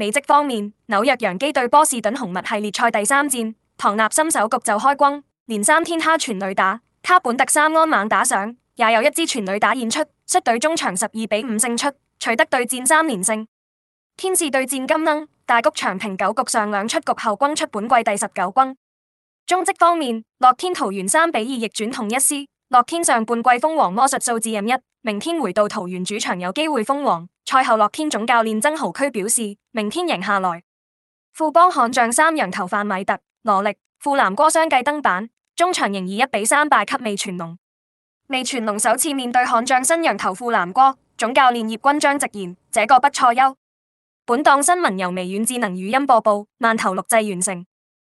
美職方面，紐約洋基對波士頓紅襪系列賽第三戰，唐納森首局就開轟，連三天他全壘打，卡本特三安猛打賞，也有一支全壘打演出，率隊終場十二比五勝出，取得對戰三連勝。天使對戰金鶯，大谷翔平九局上兩出局後轟出本季第十九轟，中職方面，樂天桃猿三比二逆轉統一獅。樂天上半季封王魔術數字任一，明天回到桃園主場有機會封王。賽後樂天總教練曾豪區表示：，明天贏下來。富邦悍將三洋投范米特羅力，富藍戈相繼登板，中場仍以一比三敗給味全龍。味全龍首次面對悍將新洋投富藍戈，總教練葉君璋直言：，這個不錯喲。本檔新聞由微軟智能語音播報，慢頭錄製完成。